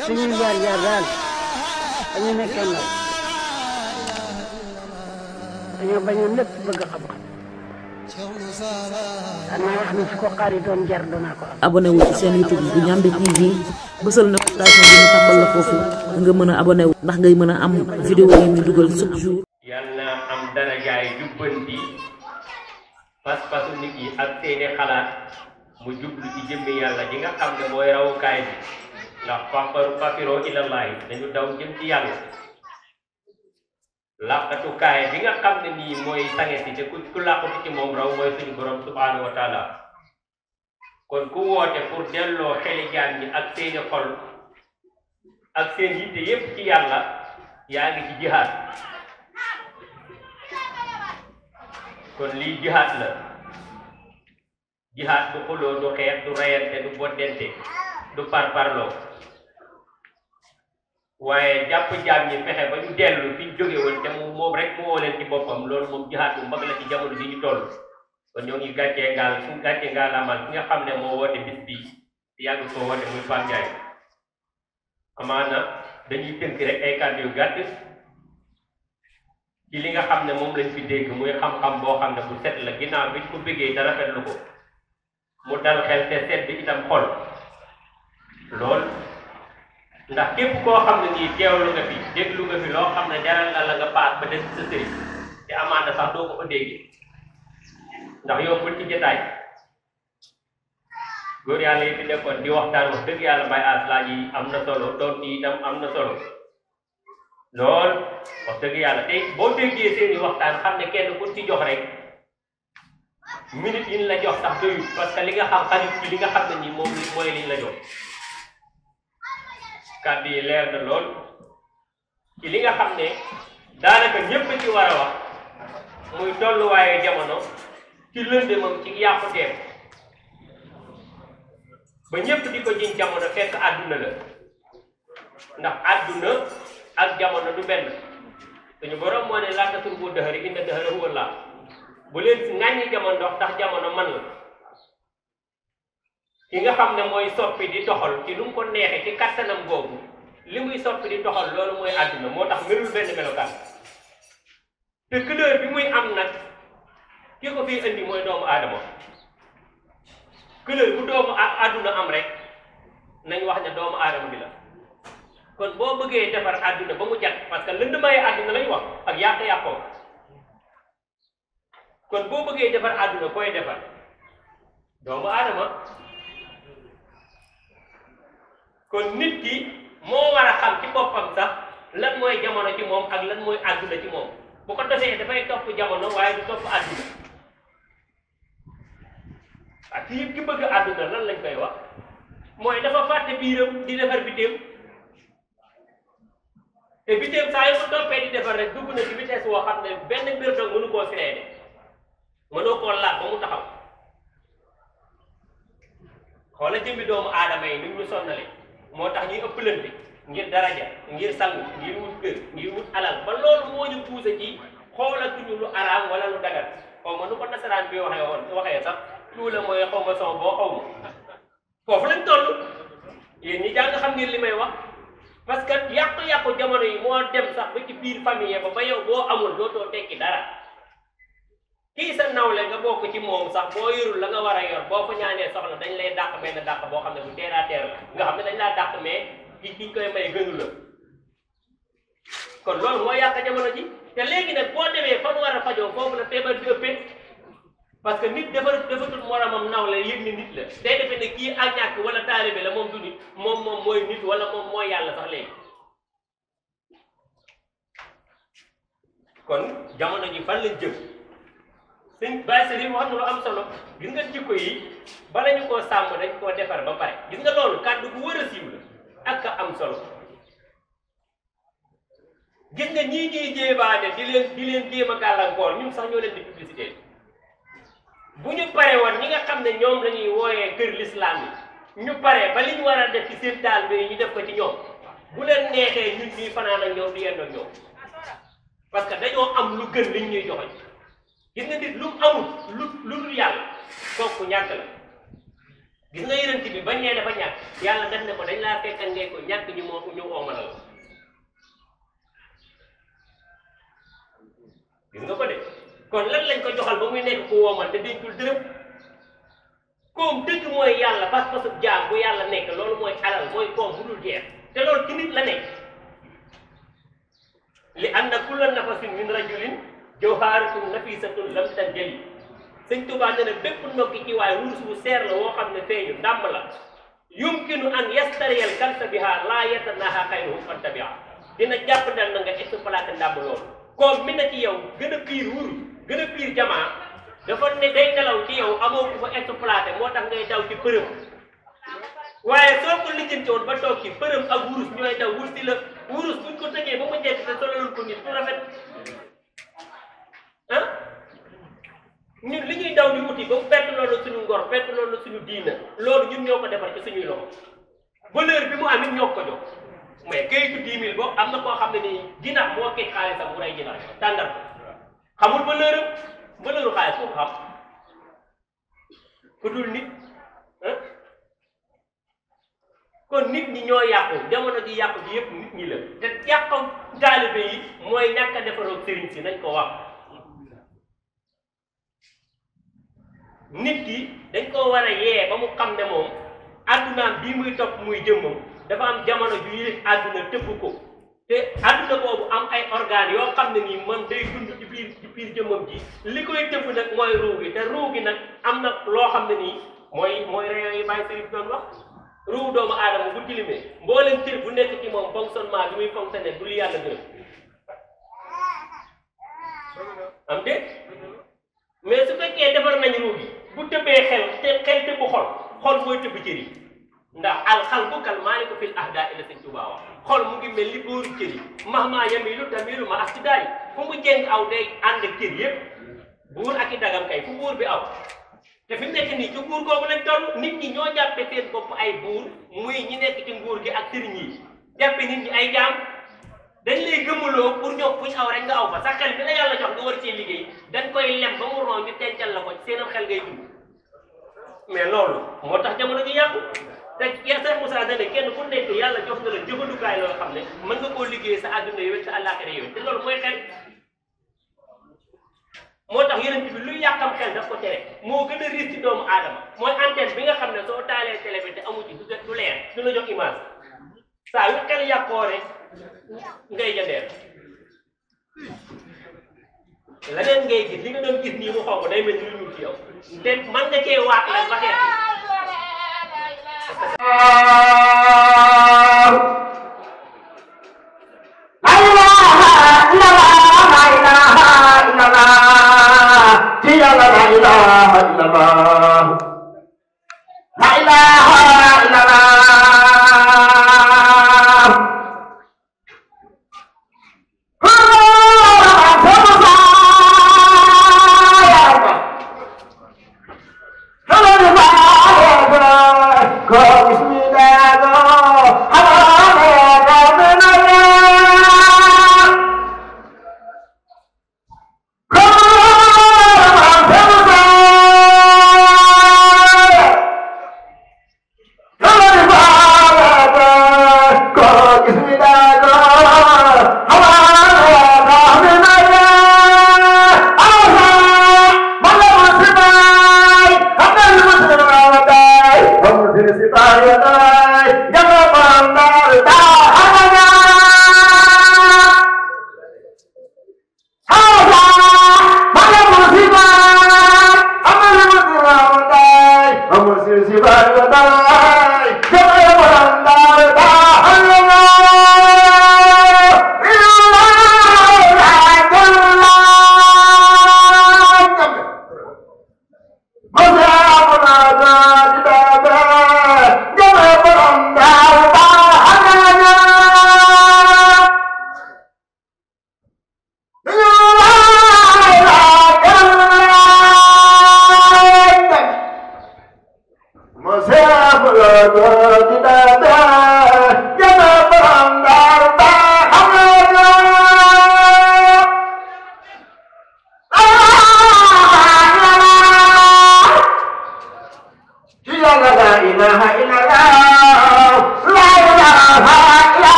senin var yerden. Ini kena. Ya ini banyak nak bergerak. abonné wu youtube tv na la fofu nga abonné wu ndax ngay am vidéo yi ñu duggal chaque jour am dara jaay jubbanti pas nit yi ak xalaat mu jublu ci yalla gi nga ne ndax pamparu papiro ilallaahi dañu daw jëm ci yàlla làqatukaay bi nga xam ne nii mooy sangeti te ku làqatu ci moom raw mooy suñu borom subhaanahu wa taala kon ku woote pour delloo xeli jaam yi ak seeni xol ak seen yitte yépp ci yàlla yaa ngi jihaat kon lii jihaat la jihaat du xuloo du xeex du reyante du boddente du parparloo waaye jàpp jaam ñi fexe ba ñu dellu fi ñu jóge woon te moom rek moo leen ci boppam loolu moom jihaat bu mag la ci jamono bi ñu toll kon ñoo ngi gàccee ngaal su gàccee ngaal amal ki nga xam ne moo woote bis bi di yàgg koo woote muy Pape Ndiaye amaana dañuy tënk rek ay kàddu yu gàtt ci li nga xam ne moom lañ fi dégg muy xam-xam boo xam ne bu set la ginnaaw bi ko bëggee dara fetlu ko mu dal xel te set bi itam xol lool ndax képp koo xam ne nii teewlu nga fi déglu nga fi loo xam ne jaral la la nga paas ba des sa sëriñ te amaana sax doo ko fa déggee ndax yow bul ci nekkoon di waxtaan wax dëgg yàlla bay am na solo doon yi itam ci jox rek minute yi la jox sax doyul parce li nga xam xarit li nga xam ne nii moom mooy li la jox. kadi leer na lol ci li nga xamne ne daanaka ñëpp ci wara wax muy waye jamono ci lende mom ci yaako dem ba ñepp di ko jamono fekk aduna la ndax aduna ak jamono du ben suñu borom mo ne laata tur bu dëxëri inda dëxëra huwa laa bu len si jamono ndox tax jamono man la ki nga xam ne mooy soppi di doxal ci lu mu ko neexee ci kattanam googu li muy soppi di doxal loolu mooy àdduna moo tax melul benn melokaan te couleur bi muy am ko fiy indi mooy doomu aadama couleur doomu àdduna am rek nañ wax ne doomu aadama bi la kon boo bëggee defar àdduna ba mu jag parce que lëndmaay àdduna lañ wax ak yàq-yàqoo kon boo bëggee defar àdduna koy defar doomu aadama kon nit ki moo war a xam ci boppam sax lan mooy jamono ci moom ak lan mooy àdduna ci moom bu ko defee dafay topp jamono waaye du topp àdduna ak kii ki bëgg àdduna lan lañ koy wax mooy dafa fàtte biiram di defar bitéew te bitéew saa yu ko toppee di defar rek dugg na ci vitesse woo xam ne benn mbir nag mënu koo freiné mënoo koo laaj ba mu taxaw xoola jëmbi doomu aadama yi ni ñu sonnalee motax ñuy ëppalante ngir daraja ngir sangu ngir wut kër ngir wut alal ba lool moo ñu poussé ci xoolatuñu lu arab wala lu dagal xaw ma nu ko nasaraan bi waxee woon waxee sax tout la mooy xaw ma sama xaw ma lañ toll yéen ya, ñi jang xam ngeen limay wax parce que yaq yaq jamono yi mo dem sax ba ci biir famille ba ba yow bo amul dootoo tekki dara kii sa nawle nga bokk ci moom sax boo yorul la nga war a boo ko ñaanee soxla dañ lay dàq benn dàq boo xam ne bu teer a teer la nga xam ne dañ laa dàq mais ki kiñ koy may gënu la kon loolu moo yàq jamono ji te léegi nag boo demee fa mu war a fajoo foofu la feebar bi ëppee parce que nit dafa defatul moromam nawle yëg ni nit la day defe ne kii ak moom moom moom mooy nit wala moom mooy yàlla sax léegi kon jamono ji fan lañ jëm sëñ bàyyi sa lii wax na lu am solo gis nga jikko yi bala ñu koo sàmm dañ koo defar ba pare gis nga loolu kàddu bu wër a siiw la ak a am solo gis nga ñii ñuy jéebaane di leen di leen jéem a gàllankoor ñun sax ñoo leen di publicité bu ñu pare woon ñi nga xam ne ñoom la ñuy wooyee kër lislaam yi ñu pare ba li ñu war a def ci seen taal bi ñu def ko ci ñoom bu leen neexee ñun ñuy fanaan ak ñoom di yendoo ñoom parce que dañoo am lu gën liñ ñuy joxe. gis nga nit lu mu bi bañ nee dafa ñàkk ko dañ laa fekkal ngay ko moo ñu oomal la de kon lan lañ ko joxal ba muy nekk ku woomal te dencul dërëm koom dëgg mooy yàlla pas-pasu jaam bu yàlla nekk loolu mooy alal mooy koom bu dul jeex te loolu ci nit la nekk li anna kulla nafasin min rajulin jawhaaratun nafiisatun lam tanjali sëñ Tuubaa nee na bépp ndokki ci waaye wurus bu seer la woo xam ne feeñu ndàmm la yumkinu an yastariyal kalsa biha laa yatanaha xayru fantabiha dina jàpp dal na nga exploité ndàmm loolu comme mi na ci yow a piir wuru gën a piir dafa ne day nelaw ci yow amoo ku fa exploité moo tax ngay daw ci përëm waaye soo ko lijjanti woon ba toog ci përëm ak wurus ñooy daw wursi la wurus buñ ko tëjee ba mu jekk te solalul ko nit ku rafet ah ñun li ñuy daw di wuti ba fekk loolu suñu ngor fekk loolu suñu diina loolu ñun ñoo ko defar ci suñuy loxo valeur bi mu am it ñoo ko jox mais kayitu 10 000 boobu am na koo xam ne nii ginnaaw moo kii xaalisam bu rey ginnaaw tàngal ko xamul valeur am valeuru xaalis foofu xam ku dul nit ah kon nit ñi ñoo yàqu jamono ji yàqu ji yëpp nit ñi la te yàqu taalibe yi mooy ñàkk a defaroo sëriñ si nañ ko wax. nit ki dañ koo war a yee ba mu xam ne moom addunaam bii muy topp muy jëmmam dafa am jamono ju yilif adduna tëbb ko te adduna boobu am ay organes yoo xam ne nii man day dund ci biir ci biir jëmmam ji li koy tëbb nag mooy ruu gi te ruu gi nag am na loo xam ne nii mooy mooy rayon yi bàyyi sëriñ doon wax ruu doomu aadama bu tilimee mbooleem cër bu nekk ci moom fonctionnement bi muy fonctionner du li yàlla gërëm am déet mais su fekkee defar nañ ruu gi bu tëbbee xel xel tëbb xol xol mooy tëbb cër yi ndax alxalbu kal maaliku fil ahdaa ila sëñ Tuubaa wax xol mu ngi mel ni bóoru cër yi mahma yamilu tamilu ma ak si daay fu mu jeng aw day ànd ak cër yëpp buur ak i dagam kay fu buur bi aw te fi mu nekk nii ci buur googu lañ nit ñi ñoo jàppe seen bopp ay buur muy ñi nekk ci nguur gi ak sëriñ yi jàppe nit ñi ay jaam dañ lay gëmuloo pour ñoom buñ aw rek nga aw fa sa xel bi la yàlla jox nga war cee liggéey dañ koy lem ba mu ron ñu tencal mais loolu moo tax jamono ji yàqu te yaa sax Moussa da ne kenn ku nekk yàlla jox na la jëfandukaay loo xam ne mën nga koo liggéey sa àdduna yooyu sa àllaaxira yooyu te loolu mooy xel moo tax yeneen bi lu yàqam xel daf ko tere moo gën a riis ci doomu aadama mooy antenne bi nga xam ne soo taalee télé bi te amu ci du leer du la jox image saa yu xel yàqoo rek ngay jëndee la leen ngay gis li nga doon gis nii mu xonk day mel ni lu ñu ci yow te mën nga cee waat yow ba xeex La ilaha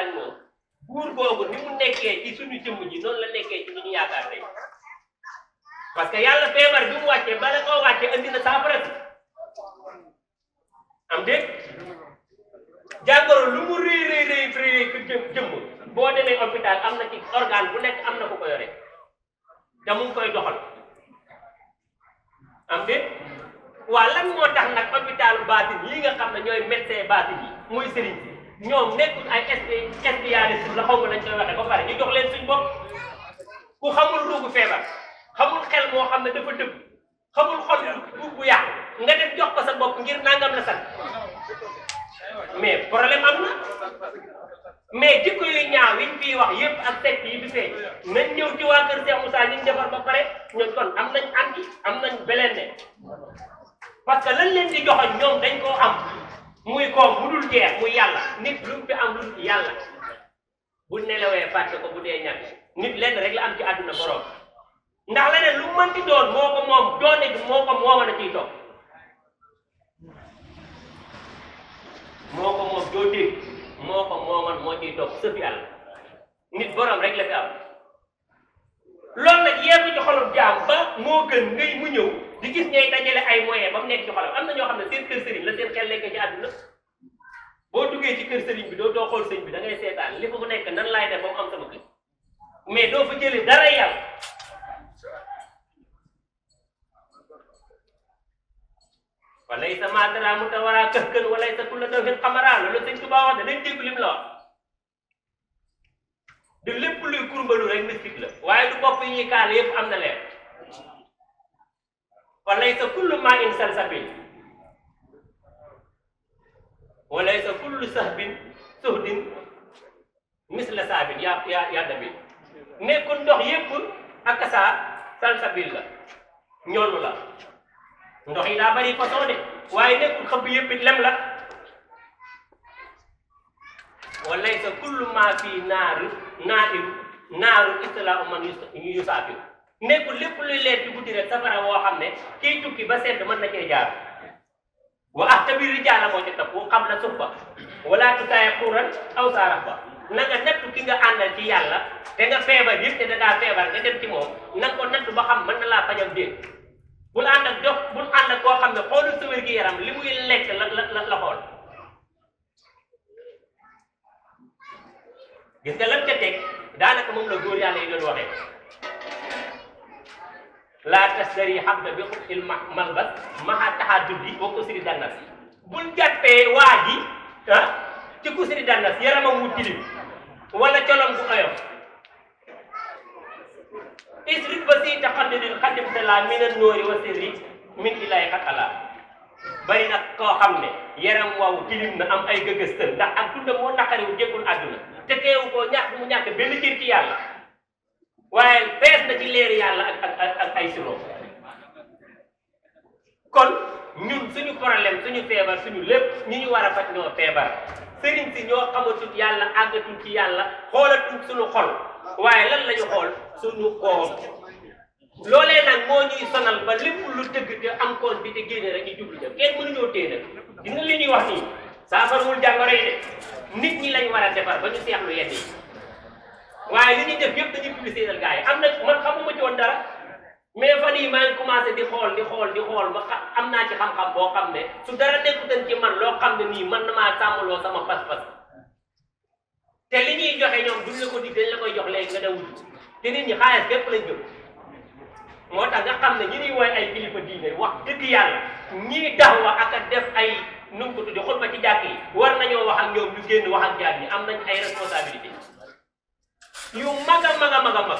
ak moom buur boobu ni mu nekkee ci suñu jëmm ji noonu la nekkee ci suñu yaakaar tey parce que yàlla feebar bi mu wàccee bala koo wàccee andi na saafara am dégg jàngoro lu mu rëy rëy rëy boo demee hôpital am na ci organe bu nekk am na ku ko yore te mu ngi koy doxal am dégg waa lan moo tax nag hôpital baatin yi nga xam ne ñooy médecin baatin yi muy sëriñ ñoom nekkul ay spécialiste la xaw nañ lañ koy waxee ba pare ñu jox leen suñ bopp ku xamul ruugu feebar xamul xel moo xam ne dafa dëgg xamul xol bu bu yàqu nga def jox ko sa bopp ngir nangam la sax mais problème am na mais jikko yu ñaaw yiñ fii wax yëpp ak tekk yi bi feeñ nañ ñëw ci waa kër Cheikh Moussa ñu defar ba pare ñoom kon am nañ anti am nañ beleen ne parce que lañ leen di joxoñ ñoom dañ koo am muy koom bu dul jeex muy yàlla nit lu mu fi am dul yàlla bu nelawee fàtte ko bu dee ñàkk nit lenn rek am ci àdduna borom ndax leneen lu mënti doon moo ko moom doone gi moo ko mooma na ciy toog moo ko moom doo dégg moo ko mooman moo ciy toog sëf yàlla nit borom rek la fi nag yeeku ci xolub jaam ba moo gën ngay mu ñëw di gis ñooy dajale ay moyens ba mu nekk ci xolam am na ñoo xam ne seen kër sëriñ la seen xel nekk ci àdduna boo duggee ci kër sëriñ bi doo doo xool sëriñ bi da seetaan li fa nekk nan laay def ba mu am sama kër mais doo fa jëlee dara yàlla walaysa maatara mu tawaraa kër kër walaysa kulla dawhin xamaraa loolu sëñ Tuubaa wax da dañ dégg lim la du lépp luy kurmbalu rek mystique la waaye du bopp yi ñuy kaal yëpp am na leer فليس كل ماء سلسبيل وليس كل سهب سهد مثل سابل يا يا يا دبيل نيكون دوخ ييب اكسا سلسبيل لا ñolu la ndox yi daa bari façon de waaye nekkul xëbb yëpp it lem la walaysa kullu ma fi naaru naaru naaru istilaa man yusaafir nekkul lépp luy leer ci guddi rek woo xam ne kiy tukki ba sedd mën na cee jaar wa ahtabir rijaala moo ci topp xam na suba wala tusaaya xuuran aw saarax ba na nga ki nga àndal ci yàlla te nga feebar yëpp te da ngaa feebar nga dem ci moom na nga ko nattu ba xam mën na laa pajal déet bul ànd ak dox bul ànd ak koo xam ne xoolul sa wér yaram li muy lekk la la la xool gis nga lan ca teg daanaka moom la góor yàlla yi doon waxee la tashtari hamba bi khul malbat ma taxaadudi wa kusri dannas buñ jàppee waji ji ci kusri dannas yaramam wu tilim wala colom bu ayo isrit basi si taxaddudin xadim sala min an nur wa sirri min ilahi xatala bari nak ko xamne yaram waw tilim na am ay gëgëstën ndax ak dundam moo wu jekul aduna te teewu ko ñak mu ñak benn cër ci yàlla waaye fees na ci leer yalla ak ay sirop kon ñun suñu problème suñu feebar suñu lépp ñi ñu war a faj ñoo feebar sëriñ si ñoo xamatut yàlla àggatul ci yàlla xoolatul suñu xol waaye lan lañu xool suñu koom loolee nag moo ñuy sonal ba lépp lu tëgg te am koom bi te génne rek ñu jublu jëm kenn mënuñoo téye nag li ñuy wax nii saafarwul jàngoro yi de nit ñi lañ war a defar ba ñu seexlu yenn yi waaye li ñuy def yëpp dañuy publicité gaa yi am na man xamuma ci dara mais fan yii maa ngi commencé di xool di xool di xool ba am naa ci xam-xam boo xam ne su dara nekkutan ci man loo xam ne nii man na maa sàmmaloo sama pas-pas te li ñuy joxe ñoom duñ la ko dig dañ la koy jox léegi nga moo tax nga xam ne ñi ñuy woy ay kilifa diine wax dëgg yàlla ñii daxwa ak a def ay nu mu ko tudde xutba ci jàkk yi war nañoo wax ak ñoom ñu génn wax ak jaar ñi am nañ ay responsabilité yu mag a mag mag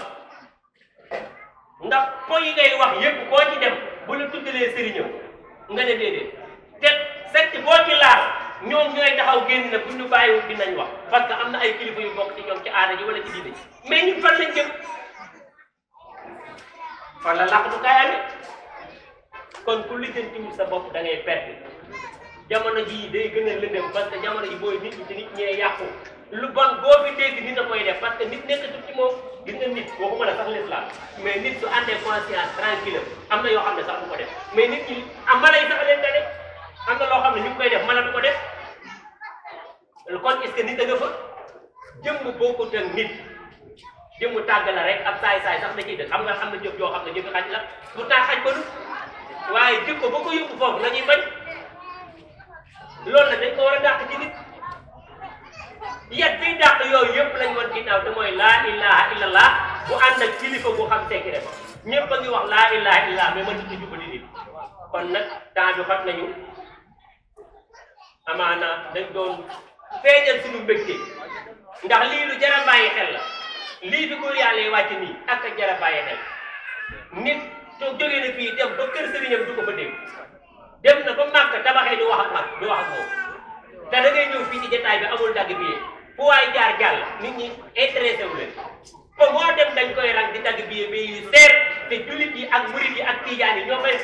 ndax point yi ngay wax yëpp boo ci dem bu la tuddalee sëriñam nga ne déedéet te secte boo ci laal ñoom ñooy taxaw génn na bu ñu bàyyiwul dinañ wax parce que am na ay kilifa yu bokk ci ñoom ci aada ji wala ci diine mais ñun fan lañ jëm fan la làq du kayaane kon ku lijjantiwul sa bopp da ngay perte jamono jii day gën a lëndëm parce que jamono ji booy nit ñi te nit ñee yàqu lu bon boo fi dégg nit a koy def parce que nit nekkatul ci moom gis nga nit waxuma la sax l'islam mais nit su àndee conscience tranquille am na yoo xam ne sax du ko def mais nit ñi am mala sax leen dale am na loo xam ne ñu ngi koy def mala du ko def kon est-ce que nit da nga fa jëmm bokkut ak nit jëmm tàgg la rek ak saay-saay sax da ciy def am na xam na jëf yoo xam ne jëfi xaj la pourtant xaj ba du waaye jëf ko ba ko yóbbu foofu la ñuy bañ loolu nag ko war a dàq ci yet biy dàq yooyu yëpp lañ wan ginnaaw laa ilaha illallah bu ànd ak kilifa bu xam secret ba ñëpp a ngi wax laa ilaha illallah mais a jubali nit kon nag temps bi xat nañu a lii fi góor yàlla yi wàcc nii a jar a bàyyi xel nit kër sëriñam du ko fa dégg dem na ba màkk tabaxee du wax mag du wax moom te da ñëw fii ci jotaay bi amul dagg bi bu waay jaar jàll nit ñi intéressé wu leen ba moo dem dañ koy rang di dagg billet bi yu seer te jullit yi ak murit yi ak tijaan yi ñoo koy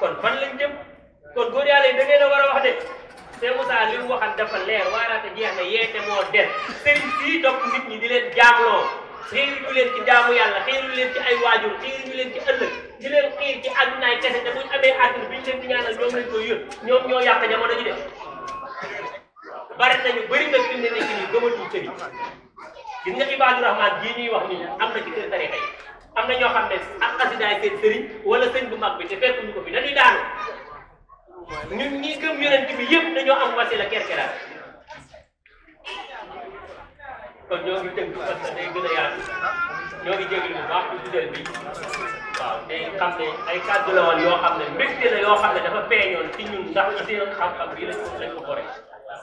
kon fan lañ jëm kon góor yàlla yi da ngeen war a wax de te Moussa li mu waxal dafa leer waaraate jeex na yeete moo des sëriñ sii topp nit ñi di leen jaamloo xiiruñu leen ci jaamu yàlla xiiruñu leen ci ay waajur xiiruñu leen ci ëllëg di leen xiir ci àddunaay kese te buñ amee àdduna biñ leen di ñaanal ñoom lañ koy ñoo yàq jamono ji de bari nañu bëri na fi mu ne nekk nii gëmatuñu sëriñ gis nga Ibadu Rahman gii ñuy wax nii am na ci kër tarixa yi am na ñoo xam ne ak xasidaay seen sëriñ wala sëñ bu mag bi te fekkuñu ko fi dañuy daanu ñun ñi gëm yonent bi yëpp dañoo am wasila kerkeraat kon ñoo ngi déglu parce que day gën a yaatu ñoo ngi jégalu bu baax ci tuddeel bi waaw day xam ne ay kàddu la woon yoo xam ne mbégte la yoo xam ne dafa feeñoon ci ñun ndax ci seen xam-xam bii lañ ko lañ ko boree